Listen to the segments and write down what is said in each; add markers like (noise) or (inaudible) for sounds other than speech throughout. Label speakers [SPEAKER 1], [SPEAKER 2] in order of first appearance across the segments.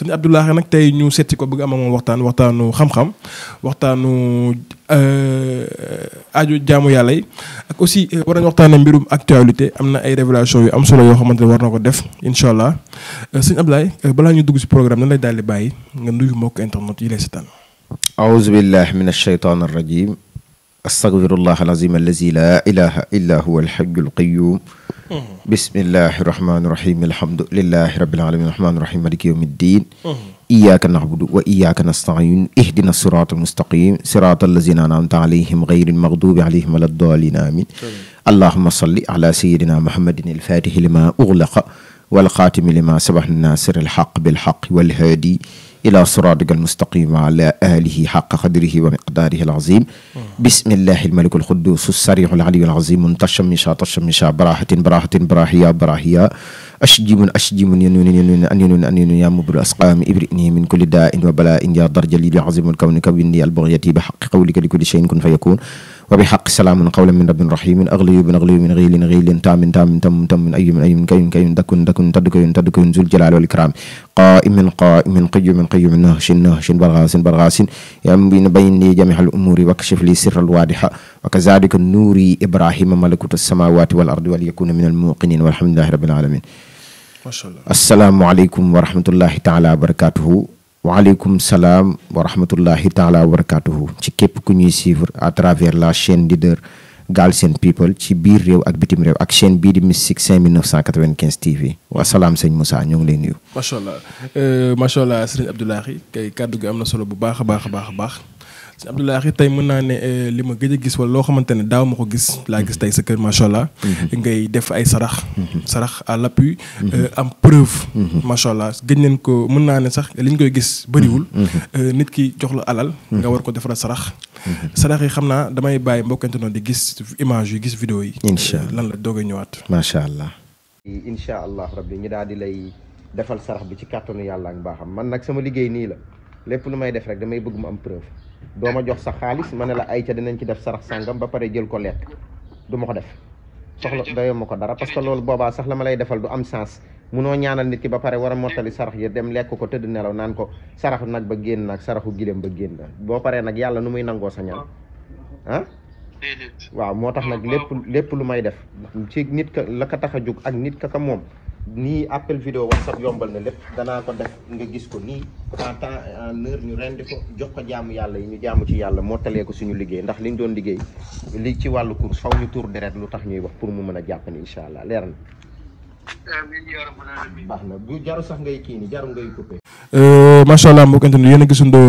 [SPEAKER 1] suñ sëñ Abdoulaye nag tey ñu setti ko bëgg am moom waxtaan waxtaanu xam-xam waxtaanu euh, aajo jaamu yàlla yi ak aussi euh, war nañu waxtaanee mbirum actualité am na ay révélation yu am solo yoo xamante ne war na ko def incha allah euh, sëñ Abdoulaye balaa ñu dugg si programme na lay daal di bàyyi nga nuyu mbokk internet yi lay seetaan.
[SPEAKER 2] aouzu billahi min achaytaan arrajim أستغفر الله العظيم الذي لا إله إلا هو الحي القيوم بسم الله الرحمن الرحيم الحمد لله رب العالمين الرحمن الرحيم مالك يوم الدين إياك نعبد وإياك نستعين اهدنا الصراط المستقيم صراط الذين أنعمت عليهم غير المغضوب عليهم ولا الضالين آمين اللهم صل على سيدنا محمد الفاتح لما أغلق والخاتم لما سبح الناصر الحق بالحق والهادي إلى صراطك المستقيم على آله حق قدره ومقداره العظيم بسم الله الملك القدوس السريع العلي العظيم تشمشا تشمشا براحة براحة براحية براحية أشجم أشجم ينون ينون أن ينون أن ينون يا مبر الأسقام إبرئني من كل داء وبلاء يا درج عظيم الكون كوني البغية بحق قولك لكل شيء كن فيكون وبحق سلام قولا من رب رحيم أغلي من أغلي من غيل غيل تام تام تم تام من أي من أي من كيم كيم دكن دكن تدكن تدكن ذو الجلال والإكرام قائم من قائم من من قيوم قيوم من نهش نهش برغاس برغاس ينبين بيني جميع الأمور واكشف لي سر الواضحة وكذلك النور إبراهيم ملك السماوات والأرض وليكون من الموقنين والحمد لله رب العالمين ما شاء الله السلام عليكم ورحمة الله تعالى وبركاته waaleykum salaam wa rahmatullahi taala wa barakaatuhu ci képp ku ñuy suivre à travers la chaîne leader Galsen People ci biir réew ak bitim réew ak chaîne bii di Mystique 5995 TV wasalaam sëñ Moussa ñoo ngi lay nuyu.
[SPEAKER 1] macha allah euh, macha allah sëñ Abdoulaye kay kàddu gi am na solo bu baax a baax a baax a baax. si Abdoulaye tey mën naa ne euh, li ma gëj a gis wala loo xamante ne daaw ma ko gis laa gis tey sa kër macha allah. Mhm. ngay def ay sarax. Mhm. sarax à l'appui. Mhm. Euh, am preuve. macha allah gëj nañ ko mën naa ne sax liñ koy gis bëriwul. Euh, nit ki jox la alal. nga war ko defaral sarax. sarax yi xam naa damay bàyyi mbokkante noonu di gis image yi gis video yi. incha lan la doog ñëwaat.
[SPEAKER 2] macha allah. incha allah rabbi ñu daal di lay defal sarax bi ci kàttanu yàlla ak mbaaxam man nag sama liggéey nii la lépp lu may def rek damay bëgg mu am doo ma jox sa xaalis ma ne la ay ca dinañ ci def sarax sàngam ba pare jël ko lekk du ma ko def soxla doyoo ma ko dara parce que loolu boobaa sax la ma lay defal du am mu noo ñaanal nit ki ba pare war a mottali sarax yi dem lekk ko tëdd nelaw naan ko saraxu nag ba génn nag saraxu gileem ba génn boo paree nag yàlla nu muy nangoo sa ñaan ah, ah? waaw moo tax nag lépp lépp lu may def ci nit ka la ka tax a jóg ak nit ka ka moom nii appel vidéo whatsapp yombal na lépp danaa ko def nga gis ko nii en temps en heure ñu rendi ko jox ko jaamu yàlla yi ñu jaamu ci yàlla moo talee ko suñu liggéey ndax li liñ doon liggéey li ci wàllu course faw ñu tuur deret lu tax ñuy wax pour mu mën a jàppan ni incha allah leer na baax na bu jaru sax ngay kii ni jaru ngay coupé. Euh, macha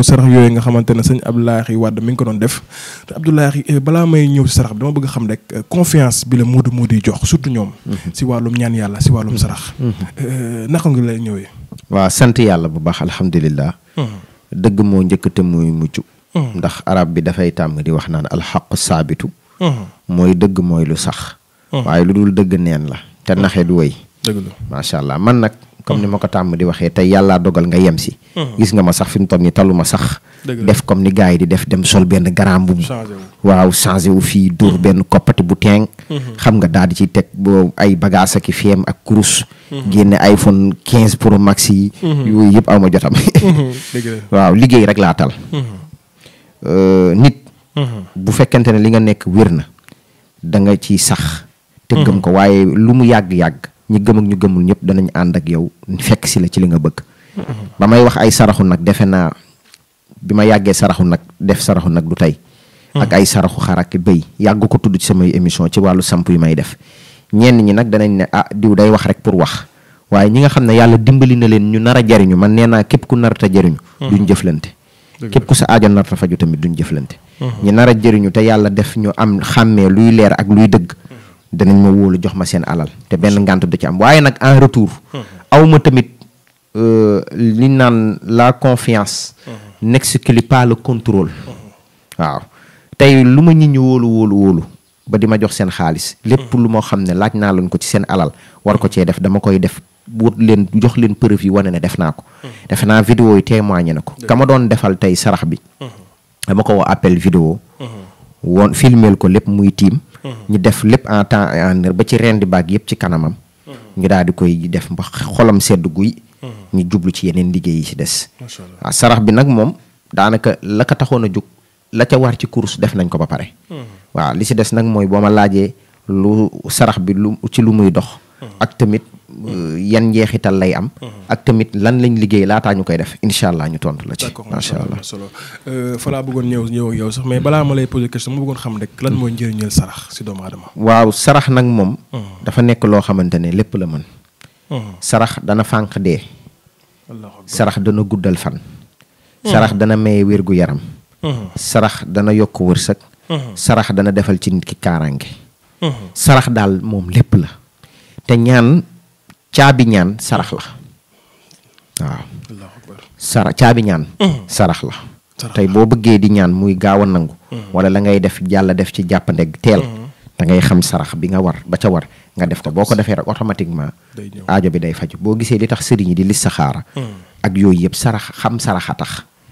[SPEAKER 1] sarax yooyu nga xamante ne sëñ Abdoulaye Wade mi ngi ko doon def te Abdoulaye euh, balaa may ñëw si sarax bi dama bëgg xam rek euh, confiance bi la Modou Modou yi jox surtout ñoom. si mhm. wàllum ñaan yàlla si wàllum mhm. sarax. Mhm. naka nga lay ñëwee.
[SPEAKER 2] waaw sant yàlla bu baax alhamdulilah. dëgg moo njëkk te mooy mujj. ndax arab bi dafay tàmm di wax naan alxaqu saabitu. mooy dëgg mooy lu sax. waaye lu dul dëgg neen la te naxe du wéy. dëgg la allah man nag. comme ni ma ko tàmm di waxee tey yàlla dogal nga yem si. gis nga ma sax fi mu toll nii talu ma sax. def comme ni gars di def dem sol benn garaam bu. waaw changé wu fii dóor benn koppati bu teeng. xam nga daal di ci teg boo ay bagage ak i ak kurus. génne iPhone 15 pro max yi. yooyu yëpp aw ma jotam. (laughs) waaw liggéey rek laa tal. Euh, nit. bu fekkente ne li nga nekk wér na da nga ciy sax. te ko waaye lu mu yàgg yàgg. ñi gëm ak ñu gëmul ñëpp danañ ànd ak yow fekk si la ci li nga bëgg. ba may wax ay saraxu nag defe naa bi ma yàggee saraxu nag def saraxu nag du tey. Hmm. ak ay saraxu xarak ak béy yàgg ko tudd ci samay émission ci wàllu samp yi may def. ñenn ñi nag danañ ne ah diw day wax rek pour wax waaye ñi nga xam ne yàlla dimbali na leen ñu nar a jariñu man nee naa képp ku narata jariñu hmm. duñ jëflante képp ku sa aajo narata faju tamit duñ jëflante hmm. ñi nar a jariñu te yàlla def ñu am xàmmee luy leer ak luy dëgg danañ ma wóolu jox ma seen alal te benn ngant du ci am waaye nag en retour aw ma tamit euh, li naan la confiance qui pas le contrôle waaw tey lu ma nit ñi wóolu wóolu wóolu ba di ma jox seen xaalis lépp lu ne laaj naa leen ko ci seen alal war ko cee def dama koy def wut leen jox leen preuve yi wane ne def naa ko defe naa vidéo yi témoigné na ko kama doon defal tey sarax bi dama ko woo appel vidéo won filmel ko lépp muy tiim ñu def lépp en temps et en heure ba ci rendi baag yëpp ci kanamam. ñu daal koy def ba xolam sedd guy. ñu jublu ci yeneen liggéey yi ci des. macha allah sarax bi nag moom daanaka la ko taxoon a jóg la ca war ci course def nañ ko ba pare. Hmm. waaw li ci des nag mooy boo ma laajee lu sarax bi lu ci lu muy dox. Hmm. ak tamit Euh, yan njeexital lay am. Mhm. ak tamit lan lañ liggéey laataa ñu koy def incha allah ñu tontu la ci. macha allah solo
[SPEAKER 1] euh, fa laa bëggoon ñëw ñëw sax mais balaa ma lay poser question ma bëggoon xam rek lan mooy njëriñal sarax si doomu aadama.
[SPEAKER 2] waaw sarax nag moom. Mhm. dafa nekk loo xamante ne lépp la mën. Mhm. sarax dana fànq dee. sarax dana guddal fan. sarax dana maye wér yaram. sarax dana yokk wërsëg. sarax dana defal ci nit ki sarax daal moom lépp la te ñaan. caabi ñaan sarax la
[SPEAKER 1] waaw
[SPEAKER 2] sara caabi ñaan mm. sarax la tey boo bëggee di ñaan muy gaaw nangu mm. wala la ngay def yàlla def ci jàppandeg teel mm. da ngay xam sarax bi nga war ba ca war nga def ko boo ko defee rek automatiquement aajo bi day faju boo gisee li tax sëriñ yi di listixaara ak yooyu yëpp sarax xam sarax tax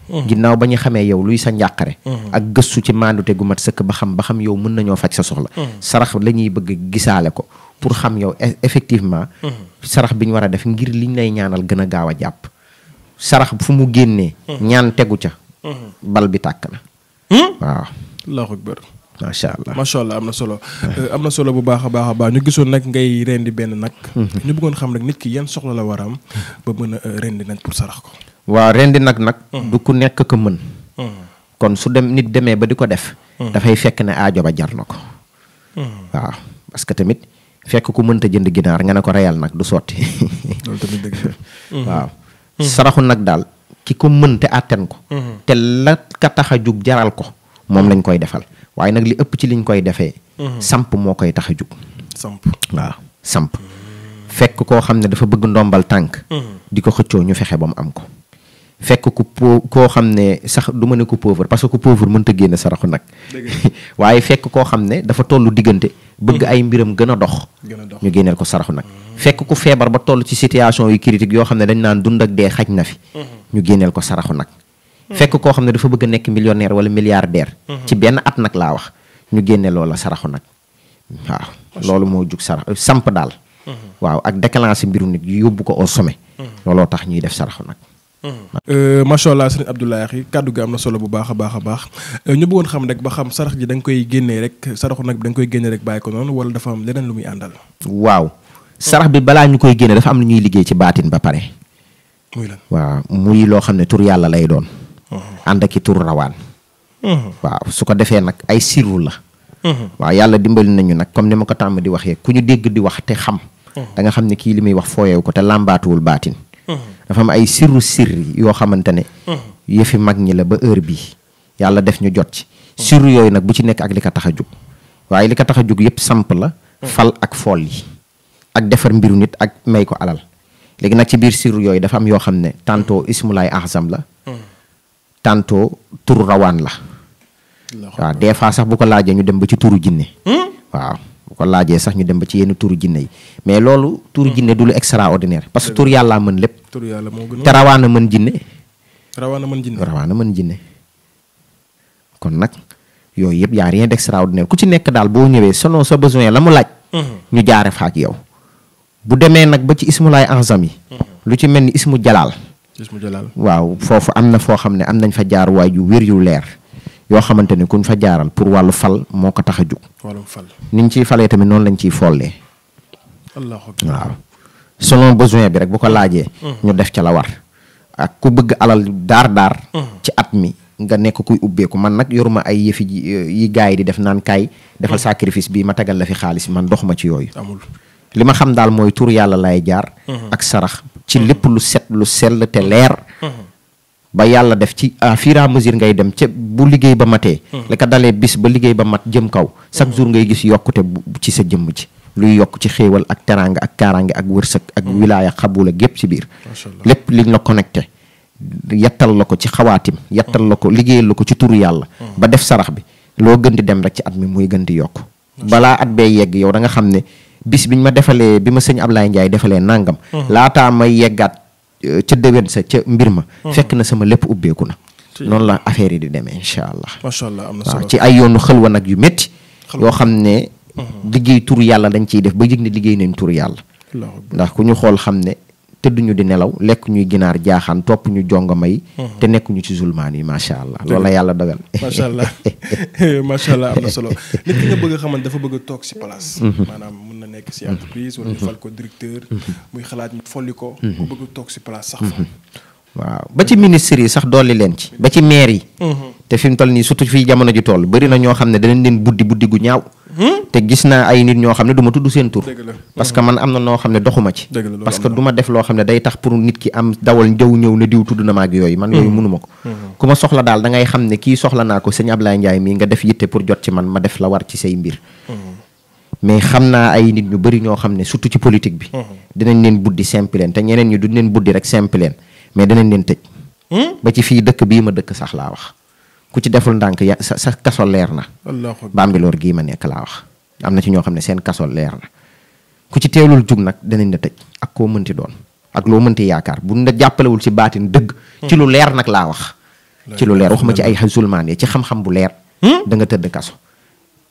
[SPEAKER 2] ginnaaw ba ñu xamee yow luy sa njàqare ak gëstu ci maandute gu mat sëkk ba xam ba xam yow mën nañoo faj sa soxla sarax la bëgg gisaale ko pour xam yow e-, effectivement. Mhm. sarax biñ wara def ngir liñ lay ñaanal gëna a japp sarax fu mu génné mhm. ñaan tegu ca. Mhm. bal bi tak na. Hmm? waaw. allahu akbar. macha allah
[SPEAKER 1] macha allah am solo. Eh, amna solo bu baax a ba ñu gisoon nag ngay rendi ben nag. ñu bëggoon xam nag nit ki yeen soxla la waram ba mëna eh, rendi nag pour sarax ko.
[SPEAKER 2] wa rendi nag nag. du ku nekk ko mën. kon su dem nit démé ba diko def def. fay fekk ne a joba jarnako parce que tamit. fekk ku mënta jënd ginaar nga ne ko reyal du sotti. loolu tamit dëgg (laughs) waaw. Mhm. Mhm. saraxu ko mën mhm. te àtten ko. la ka tax a ko moom lañ koy defal waaye nag li ci liñ koy defee. samp moo koy tax a jug. samp waaw samp. koo xam ne dafa bëgg ndombal tànk. di ko xëccoo ñu fexe ba mu am ko. fekk ku po koo xam ne sax du ma ne ko pauvre parce que ku pauvre mënta génne saraxu nag. (laughs) waaye fekk koo xam ne dafa tollu diggante. bëgg hmm. ay mbiram gën a dox ñu génneel ko saraxu nag hmm. fekk ku feebar ba toll ci situation yu critique yoo xam ne dañ naan dund ak dee xaj na fi hmm. ñu génneel ko saraxu nag fekk koo xam ne dafa bëgg a nekk millionnaire wala milliardaire ci benn at nag laa wax ñu génne loola saraxu nag waaw loolu moo jug sarax samp daal waaw ak déclencher mbiru nit yóbbu ko au sommet looloo tax ñuy def saraxu nag
[SPEAKER 1] Euh, macha allah sëriñ Abdoulaye kàddu gi am na solo bu baax a baax a baax euh, ñu bëggoon xam rek ba xam sarax ji da koy génnee rek saraxu nag bi da koy génnee rek bàyyi ko noonu wala dafa am leneen lu muy àndal.
[SPEAKER 2] waaw sarax bi balaa ñu koy génne dafa am lu ñuy liggéey ci baatin ba pare. muy lan waaw muy loo xam ne tur yàlla lay doon.
[SPEAKER 3] Uh-huh.
[SPEAKER 2] ànd ak i tur rawaan. Uh-huh. waaw su ko defee nag ay sirru la. Uh-huh. waaw yàlla dimbali nañu nag comme ni ma ko tàmm di waxee ku ñu dégg di wax te xam. da xam ne kii li muy wax fooyeewu ko te làmbaatuwul baatin. dafa am ay sirru sirri yoo xamantene ne hmm. yëfi mag ñi la ba heure bi yàlla def ñu jot ci sirru yooyu nag bu ci nekk ak li ko tax a waaye samp la hmm. fal ak fool yi ak defar mbiru nit ak may ko alal léegi nag ci biir sirru yooyu dafa am yoo xam ne tantôt hmm. ismulaay ahzam la tantôt tur rawaan la waaw des sax bu ko laajee ñu dem ba ci turu jinne waaw ko laaje sax ñu dem ba ci yeen turu jinne yi mais lolu turu jinne du lu extraordinaire parce que tour yalla man lepp tour yalla mo gënal tarawana man jinne
[SPEAKER 1] tarawana man jinne tarawana
[SPEAKER 2] man jinne kon nak yoy yeb ya rien d'extraordinaire ku ci nek dal bo ñëwee selon sa besoin la laaj mhm. ñu jaare fa ak yow bu démé nak ba ci mhm. lu ci melni ismu Jalal, ismu Jalal. waaw fofu amna fo xamné fa jaar waju wër yu leer yoo xamante ni kuñ fa jaaral pour wàllu fal moo ko tax a jug. wàllu fal ni ciy falee tamit noonu lañ ciy follee.
[SPEAKER 1] waaw
[SPEAKER 2] selon besoin bi rek bu ko laajee. Mm. ñu def ca la war. ak ku bëgg alal daar daar. Mm. ci at mi. nga nekk kuy ubbeeku man nag yoruma ay yëfi eh, yi gars yi di def naan kaay defal mm. sacrifice bii ma tegal la fi xaalis man dox ma ci yooyu amul li ma xam daal mooy tur yàlla lay jaar mm-hmm. ak sarax ci mm-hmm. lépp lu set lu sell te leer mm-hmm. ba yàlla def ci à fur et à mesure ngay dem ca bu liggéey ba matee hmm. li ko dalee bis ba liggéey ba mat jëm kaw chaque hmm. jour ngay gis yokkute ci sa jëmm ci luy yokk ci xéewal ak teraanga ak kaaraange ak wërsëg ak hmm. wilaaya xabula gépp ci biir lépp liñ la connecté yettal la ko ci xawaatim yettal la ko liggéeyal la ko ci turu yàlla ba def sarax bi loo gën di dem rek ci at mi muy gën yokk balaa at bee yegg yow da nga xam ne bis bi ma defalee bi ma sëñ Ablaye Ndiaye defalee nangam laataa ca déwén sa ca mbir ma. Hmm. fekk na sama lépp ubbeeku na. noonu la affaire yi di demee incha allah. macha allah am na solo waaw ci ay yoonu xëlwa nag yu métti. yoo xam ne. Hmm. liggéey tur yàlla dañ ciy def ba yëg ne liggéey nañ tur yàlla. ndax ku ñu xool xam ne tëdd ñu di nelaw lekk ñuy ginaar jaaxaan topp ñu jongo may mhm. te nekk ñu ci zulmaan yi macha allah loolu la yàlla dogal (laughs) macha
[SPEAKER 1] allah (laughs) macha allah am na solo nit nga bëgg a dafa bëgg a toog si place mhm. maanaam mun na nekk si entreprise wala ñu mhm. ko directeur muy xalaat ñu folli ko bu bëgg toog si place sax fa
[SPEAKER 2] waaw ba ci ministre yi sax dolli leen ci ba ci maire yi te fi mu toll nii surtout fii jamono ji toll bëri na ñoo xam ne danañ leen buddi buddi gu ñaaw. Hmm? te gis naa ay nit ñoo xam ne du ma tudd seen tur. parce que hmm. man am na noo xam ne doxuma ci. parce que du ma def loo xam ne day ma ak yooyu. man yooyu hmm. daal da ngay xam ne kii soxla naa ko sëñ Ablaye Ndiaye mii nga def yitte pour jot ci man ma def la war ci say mbir. mais xam naa ay nit ñu bëri ñoo xam ne surtout ci politique bi. dinañ leen buddi simple leen te ñeneen ñi duñ leen buddi rek simple mais dinañ leen tëj. ba ci fii bii ma sax laa wax ku ci deful ndànk ya sa sa kaso leer na. Bambilor gii ma nekk laa wax. am na ci ñoo xam ne seen kaso leer na ku ci teelul jug nag danañ la tëj ak koo mënti doon ak loo mënti yaakaar buñ la jàppalewul ci baatin dëgg. ci lu leer nag laa wax. ci lu leer wax ma ci ay xasulmaan yi ci xam-xam bu leer. Hmm? da nga tëdd kaso.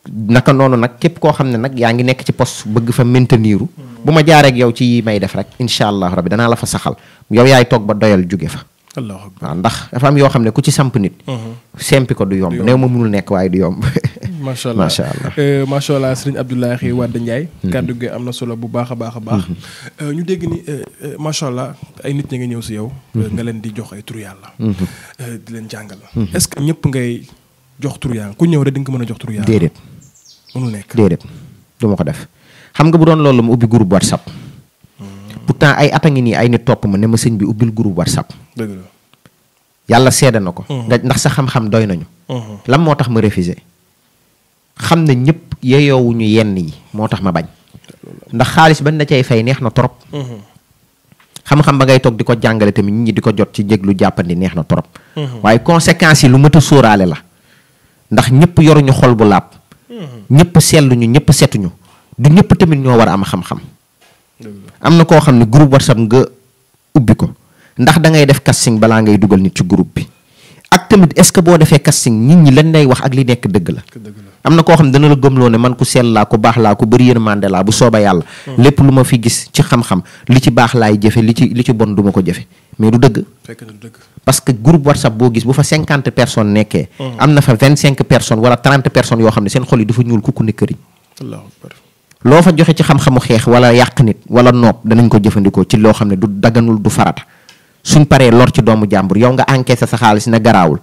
[SPEAKER 2] naka noonu nag képp koo xam ne nag yaa ngi nekk ci poste bëgg fa maintenir. Hmm. bu ma jaaree ak yow ci yi may def rek incha allah rabbi danaa la fa saxal yow yaay toog ba doyal jóge fa. waaw ndax dafa am yoo xam ne ku ci samp nit. Mhm. sempi ko du yomb néew ma mënul nekk waaye du yomb. (laughs) macha allah macha allah
[SPEAKER 1] euh, macha allah sëriñ Abdoulaye mhm. Wade Ndiaye. Mhm. am na solo bu baax a baax a baax. Euh, ñu dégg ni euh, macha allah ay nit ñi nga ñëw si yow. nga leen di jox ay tur yàlla. di leen jàngal. est-ce que ñëpp ngay jox tur yàlla ku ñëw rek di nga ko mën a jox tur yàlla. déedéet mënul nekk
[SPEAKER 2] déedéet du ma ko def xam nga bu doon loolu mu ubbi groupe WhatsApp. pourtant ay at ni ay ni top ma ne ma bi ubil groupe whatsapp. ya la yalla sédé na ndax sa xam-xam doy nañu. Mhm. lam motax ma refusé. xam na ñëpp yeyoowuñu yenn yi motax ma bañ. ndax xaalis ban na cay fay neex na trop. Mhm. xam-xam ba ngay tok di jangalé jàngale tamit ñi diko jot ci jéglu jappandi neex na trop. Mhm. waye conséquences yi lu mëta a la. ndax yoru ñu xol bu sellu ñu ñepp setu ñu du ñepp tamit ño wara am xam-xam. am na koo xam ne groupe whatsapp nga ubbi ko ndax da ngay def casting balaa ngay dugal nit ci groupe bi ak tamit est boo defee casting nit ñi lañ lay wax ak li nekk dëgg la am na koo xam ne dana la gëmloo man ku sell laa ku baax laa ku bëri yërmande laa bu sooba yàlla hmm. lépp lu ma fi gis ci xam-xam li ci baax laay jëfe li ci bon du ma ko jëfe mais du dëgg parce que groupe whatsapp boo gis bu fa cinquante personnes nekkee hmm. am na fa vingt cinq personnes wala trente personnes yoo xam ne seen xol yi dafa ñuul ku ku loo fa joxe ci xam-xamu xeex wala yàq nit wala noob danañ ko jëfandikoo ci loo xam ne du daganul du farata suñ paree lor ci doomu jàmbur yow nga encaissé sa xaalis na garaawul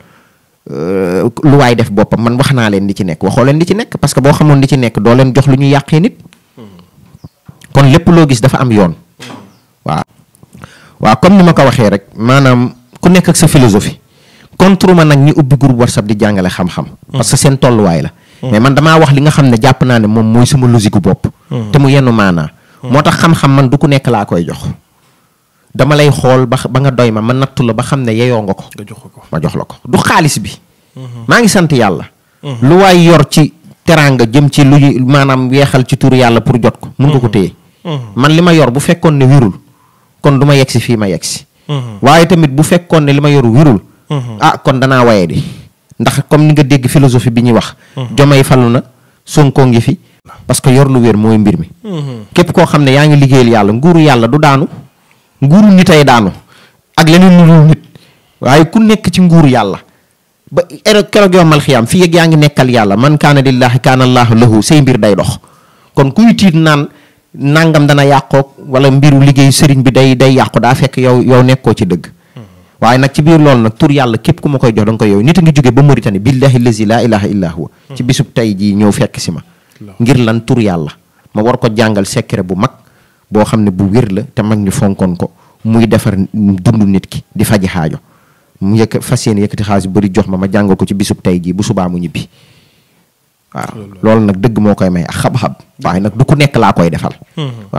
[SPEAKER 2] euh, lu waay def boppam man wax naa leen li ci nekk waxoo leen li ci nekk parce que boo xamoon li ci nekk doo leen jox lu ñu yàqee nit kon lépp loo gis dafa am yoon waaw waaw comme ni ma ko waxee rek maanaam ku nekk ak sa philosophie contre ma nag ñi ubbi groupe whatsapp di jàngale xam-xam seen tolluwaay la Mm. mais man dama wax li nga xamne japp na ne mom moy sama logique bop mm. te mu yenu mana mm. motax xam-xam man du ku nek la koy jox dama lay xol ba ba nga doy ma ma la ba xamne yeyo ma jox lako du khalis bi mm-hmm. ma ngi sante yalla mm-hmm. lu way yor ci teranga jëm ci lu manam maanaam ci tour yalla pour jot ko mën nga ko mm-hmm. téye man lima yor bu ne wirul kon duma yexi fi ma yexi waye tamit bu ne lima yor wirul ah kon dana waye di ndax comme ni nga dégg philosophie bi ñu wax. Mhm. Jomay falu na Sonko ngi fi. parce que yor lu wér mooy mbir mi. Mhm. képp koo xam ne yaa ngi liggéeyal yàlla nguuru yàlla du daanu. nguuru nitay daanu. ak leneen lu dul nit. waaye ku nekk ci nguur yàlla. ba keroog keroog yomal xiyaam fii ak yaa ngi nekkal yàlla man kaana lillaahi kaana allaahu lahu say mbir day dox. kon kuy tiit naan nangam dana yàqoog wala mbiru liggéey sëriñ bi day day yàqu daa fekk yow yow nekkoo ci dëgg. waaye nag ci biir loolu nag tur yàlla képp ku ma koy jox da koy yow nit a ngi jóge ba Mauritanie billahi lazi laa ilaha illa huwa ci hmm. bisub tey jii ñëw fekk si ma ngir lan tur yàlla ma war ko jàngal secret bu mag boo xam ne bu wér la te mag ñu fonkoon ko muy defar dund nit ki di faji xaajo mu yëkk fas yéene yëkkati xaalis bu bëri jox ma ma jàng ko ci bisub tey jii bu subaa mu ñibbi waaw loolu nag dëgg moo koy may ak xab-xab waaye nag du ku nekk laa koy defal hmm.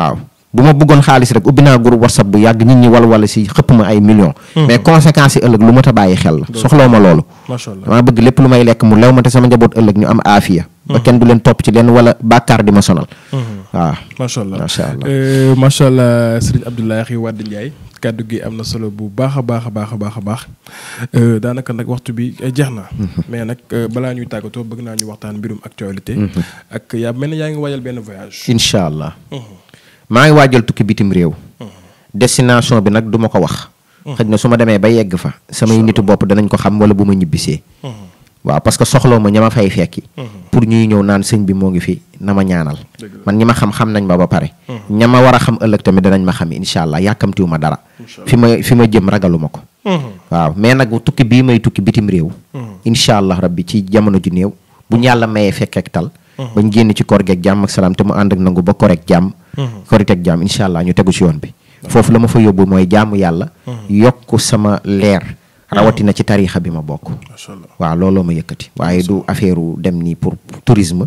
[SPEAKER 2] bu ma bëggoon xaalis rek ubbi naa groupe whatsapp bu yàgg nit ñi wal wala si xëpp ma ay millions. Hmm. mais conséquences yi ëllëg lu ma ta bàyyi xel la. soxloo ma loolu. macha allah damaa bëgg lépp lu may lekk mu lew ma te sama njaboot ëllëg ñu am aafiya. Hmm. topp ci leen wala bàkkaar di ma sonal. Hmm. waaw macha allah macha allah.
[SPEAKER 1] Eh, macha allah Serigne Abdoulaye Wade Ndiaye kàddu gi am na solo bu baax a baax a baax a baax a baax eh, daanaka nag waxtu bi eh, jeex na. mais nag balaa ñuy tàggatoo bëgg naa ñu waxtaan mbirum actualité. ak yaa mel ne yaa ngi waajal benn voyage.
[SPEAKER 2] incha allah. maa ngi waajal tukki bitim réew. Hmm. destination bi nag du ma ko wax. Hmm. xëy na su ma demee ba yegg fa. samay nitu bopp danañ ko xam wala bu ma ñibbisee. Hmm. waaw parce que soxloo ma ña ma fay fekki. pour ñuy ñëw naan sëñ bi moo ngi fi na ma ñaanal. man ñi ma xam xam nañ ma ba pare. ña ma war a xam ëllëg tamit danañ ma xam incha allah yàkkamtiwu ma dara. fi ma fi ma jëm ragaluma ko. waaw mais nag tukki bii may tukki bitim réew. allah rabbi ci jamono ju néew. bu ñu yàlla mayee fekkeek tal. bañ génn ci koor geeg jàmm ak salaam te mu ànd ak nangu ba korek korite mhm. ak jàmm incha allah ñu tegu ci yoon bi foofu la ma fa yóbbu mooy jaamu yàlla mhm. yokk sama leer mhm. rawatina ci tariixa bi ma bokk waaw looloo ma yëkkati waaye du affaire dem nii pour tourisme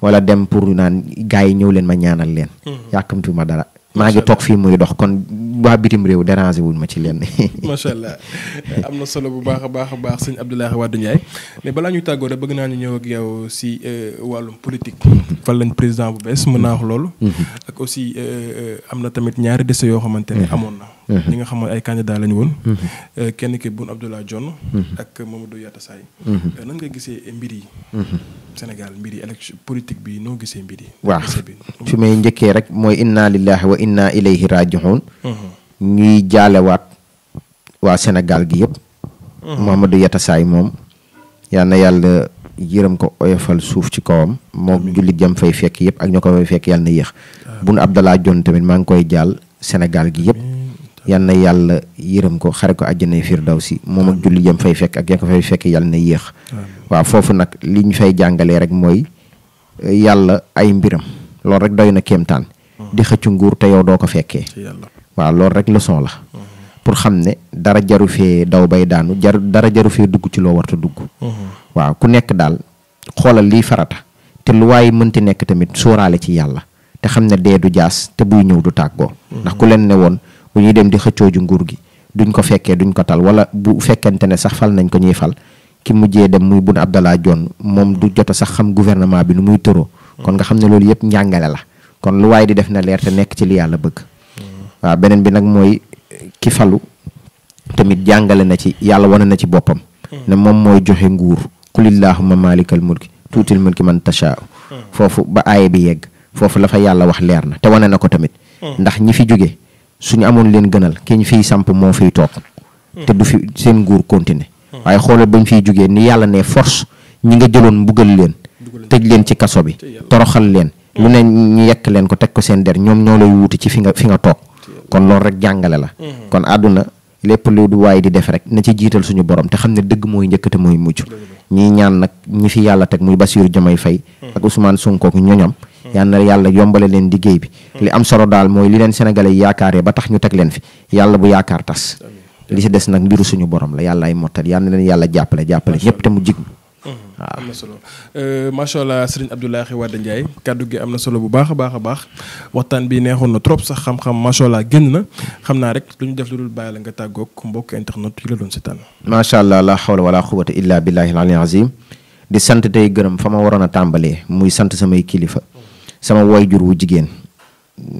[SPEAKER 2] wala dem pour naan gars yi ñëw leen ma ñaanal leen yàkkamtu ma dara maa ngi toog fii muy dox kon waa bitim réew déranger wuñ ma ci lenn. (laughs)
[SPEAKER 1] macha allah am na solo bu baax a baax a baax sëñ Abdoulaye Wade Ndiaye mais balaa ñuy tàggoo rek bëgg naa ñu ñëw ak yow si euh, wàllum politique. fan lañ président bu bees mën naa wax loolu. Mhm. ak aussi euh, euh, am na tamit ñaari dese yoo xamante ne mhm. amoon na. Mhm. ñi nga xam ay candidat lañu woon. kenn ki Boun Abdallah Dionne. ak Mamadou Yatassaye. nan nga gisee mbir yi. Sénégal mbir yi élection politique bi noo gisee mbir yi. waaw
[SPEAKER 2] fi may njëkkee rek mooy inna lillahi wa inna ilayhi raji'un mhm. ñuy jaalewaat waa senegal gi yëpp. Mouhamadou Yatassay moom. yal na yàlla yërëm ko oyofal suuf ci kawam. moom jullit jam fay fekk yëpp ak ñoo ko fay fekk yàlla na yéex. waaw Boun Abdallah Dionne tamit maa ngi koy jaal senegal gi yëpp. yal na yàlla yërëm ko xare ko àjjana firdawsi moom ak julli jëm fay fekk ak ya ko fay fekk yàlla na yéex waaw foofu nag li ñu fay jàngalee rek mooy yàlla ay mbiram loolu rek doy na kéemtaan mm. di xëcc nguur te yow doo ko fekkee waa lool rek leçon la mm-hmm. pour xam ne dara jaru fee daw bay daanu jar dara jaru fee dugg ci loo warta dugg mm-hmm. waaw ku nekk daal xoolal liy farata te lu waay mënti nekk tamit sóoraale ci yàlla te xam ne dee du jaas te buy ñëw du bu ñuy dem di xëccoo ju nguur gi duñ ko fekkee duñ ko tal wala bu fekkente ne sax fal nañ ko ñuy fal ki mujjee dem muy Boun Abdallah Dionne moom du jot sax xam gouvernement bi nu muy tëroo kon nga xam ne loolu yëpp njàngale la kon lu waaye di def na leer te nekk ci li yàlla bëgg waaw beneen bi nag mooy ki falu tamit jàngale na ci yàlla wane na ci boppam ne moom mooy joxe nguur qulillahuma malikal mulki tuutil mulki man tashaa hmm. foofu ba aaye bi yegg foofu la fa yàlla wax leer na te wane na ko tamit hmm. ndax ñi fi suñu amoon leen gënal ki ñu fiy samp moo fiy toog. te du fi seen nguur continuer waaye xoolal bañ fiy jógee ni yàlla ne force ñi nga jëloon mbugal leen. tëj leen ci kaso bi toroxal leen. lu ne ñu yekk leen ko teg ko seen der ñoom ñoo lay wuute ci fi nga fi nga toog. kon loolu rek jàngale la. Mhm. kon àdduna lépp lu du waaye di def rek na ci jiital suñu borom te xam ne dëgg mooy njëkk te mooy mujj. ñiy ñaan nag ñi fi yàlla teg muy Bassirou Diomaye Faye. Mhm. ak Ousmane Sonko ak Mm. yal na yàlla yombale leen liggéey bi mm. li am solo daal mooy li leen sénégalais yi yaakaaree ba tax ñu teg leen fi yàlla bu yaakaar tas li si des nag mbiru suñu borom la yàlla ay mottal yal na leen yàlla jàppale jàppale ñëpp te mu jig mm. waaw am
[SPEAKER 1] na solo euh, macha allah sëriñ Abdoulaye Wade Ndiaye kaddu gi am na solo bu baax a baax a baax waxtaan bi neexoon na trop sax xam-xam macha allah génn na xam naa rek lu ñu def lu dul la nga tàggoog mbokk internet yi la doon seetaan.
[SPEAKER 2] macha allah la hawla wala quwwata illa billahi al azim di sant tey gërëm fa ma waroon a tàmbalee muy sant samay kilifa. sama woy jur wu jigéen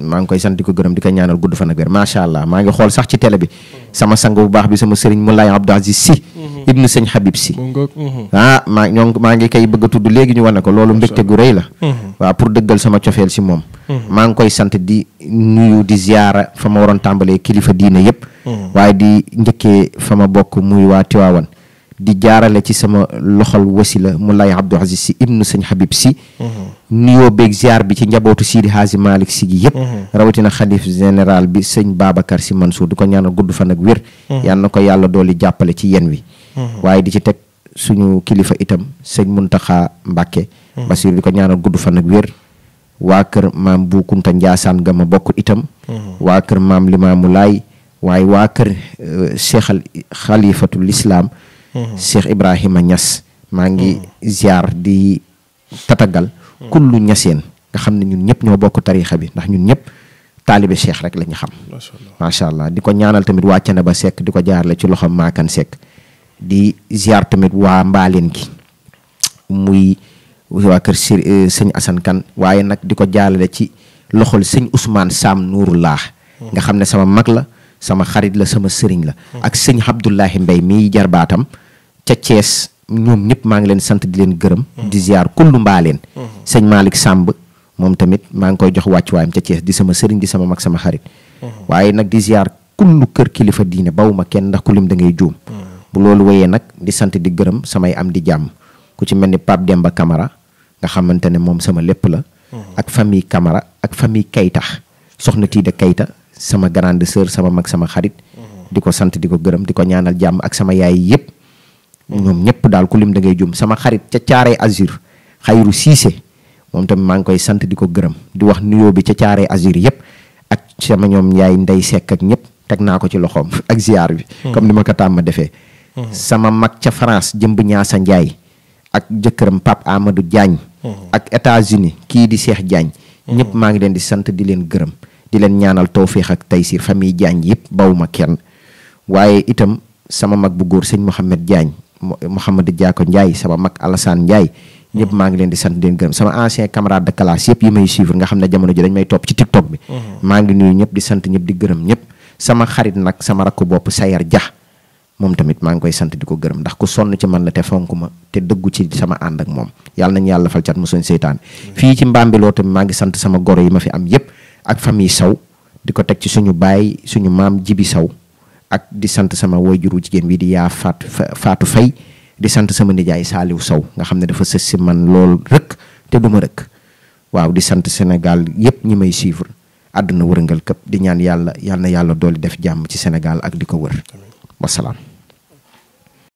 [SPEAKER 2] maa ngi koy sant di ko gërëm di ko ñaanal gudd fan ak wér allah maa ngi xool sax ci télé bi sama sang bu baax bi sama sëriñ Moulay Abdou Aziz si mhm. ibnu sëñ Habib
[SPEAKER 3] mhm.
[SPEAKER 2] ah, maa ngi koy bëgg a tudd léegi ko loolu mbégte gu rëy la mhm. waaw pour dëggal sama cofeel si moom maa ngi koy sant di nuyu di ziyaara fa ma waroon tàmbalee kilifa diina yëpp waaye di njëkkee fa ma bokk muy waa Tiwaawan di jaarale ci sama loxol wasila Moulay Abdou Aziz si ibnu sëñ Habib si nuyoo beeg ziar bi ci njabootu Sidi Hadji malik si gi yëpp mhm. rawatina khalif general bi sëñ Babacar si Mansour di ko ñaanal gudd fan ak wér mhm. yal na ko yàlla dooli jàppale ci yen wi mhm. waaye di ci teg suñu kilifa itam sëñ Muntaxa Mbàkke basir di ko ñaanal gudd fan ak wér waa kër maam Bu Kunta Njaasaan ga ma bokk itam waa kër maam Limaamu Laay waaye waa kër seexal euh, xalifatul islam Cheikh Ibrahima maa ziar di tatagal kullu ñaseen nga xam ne ñun ñëpp ñoo bokk tariixa bi ndax ñun ñëpp taalibe cheikh rek la ñu xam macha allah di ko ñaanal tamit waa Canaba sekk di ko jaarale ci loxo Maakan Seck di ziar tamit waa mbaaleen gi muy waa kër eh, sëñ Assane Kan waaye nag di ko jaarale ci loxol sëñ Ousmane Sam Nuurullah hmm. nga xam ne sama mag la sama xarit la sama sëriñ la hmm. ak sëñ Abdoulahi Mbay mii jarbaatam ca Thiès ñoom ñëpp maa ngi leen sant di leen gërëm. Mm-hmm. di kullu mbaa leen. Mm-hmm. sëñ Malick Samb moom tamit maa ngi koy jox wàcc wàccuwaayam ca Thiès di sama sëriñ di sama mag sama xarit. Mm-hmm. waaye nag di ziar kullu kër kilifa diine bawuma kenn ndax ku lim da ngay juum. bu loolu wéyee nag di sant di gërëm samay am di jàmm ku ci mel ni Pape Demba Camara nga xamante ne moom sama lépp la. ak famille Camara ak famille Kayta soxna Tiida Kayta sama grande sœur sama mag sama xarit. di ko sant di ko gërëm di ko ñaanal jàmm ak sama yaay yëpp. ñom nyep pedal ku lim da ngay jum sama xarit ca azir azur khairu siise mom tam ma ngi koy sante diko ko di wax nuyo bi ca caare azur yep ak sama ñom yaay ndey sek ak ñëpp tek naa ko ci loxom (laughs) ak ziar bi. Hmm. comme nima ka tam defé hmm. sama mak ca France jëmb ñaasa ndjay ak jëkkëram pap Amadou Diagne. Hmm. ak États-Unis ki di Cheikh Diagne. ñëpp ma ngi leen di sante di len gërëm di len ñaanal tawfiq ak taysir fami Diagne yep bawuma kenn waye itam sama mak bu gor seigne mohammed Diagne. Mouhamadou Diako Ndiaye sama mag Alassane Ndiaye ñëpp maa ngi leen di sant di leen gërëm sama ancien camarade de classe yëpp yi may suivre nga xam ne jamono ji dañ may topp ci TikTok bi mhm. maa ngi nuyu ñëpp di sant ñëpp di gërëm ñëpp sama xarit nag sama rakku bopp Sayar jax moom tamit maa ngi koy sant di ko gërëm ndax ku sonn ci man la te fonk ma te dëggu ci sama ànd ak moom yàlla nañu yàlla fal cat mu suñ seytaan mhm. fii ci Mbambiloo tamit maa ngi sant sama goro yi ma fi am yëpp ak famille di ko teg ci suñu baay suñu maam Jibi Sow ak di sant sama juru jigéen wi di yaa faatu faatu fay di sant sama nijaay saaliw sow nga xam ne dafa sës si man lool rëkk te du ma rëkk waaw di sant senegal yépp ñi may suivre àdduna wërngal këpp di ñaan yàlla yal na yàlla dooli def jàmm ci Sénégal ak di ko wër wasalaam